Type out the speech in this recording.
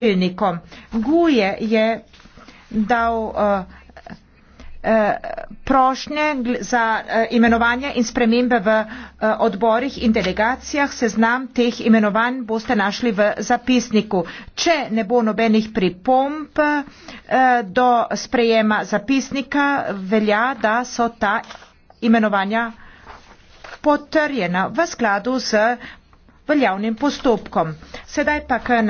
predsednikom. Guje je dal uh, uh, prošnje za uh, imenovanja in spremembe v uh, odborih in delegacijah. Seznam teh imenovanj boste našli v zapisniku. Če ne bo nobenih pripomp uh, do sprejema zapisnika, velja, da so ta imenovanja potrjena v skladu z veljavnim postopkom. Sedaj pa k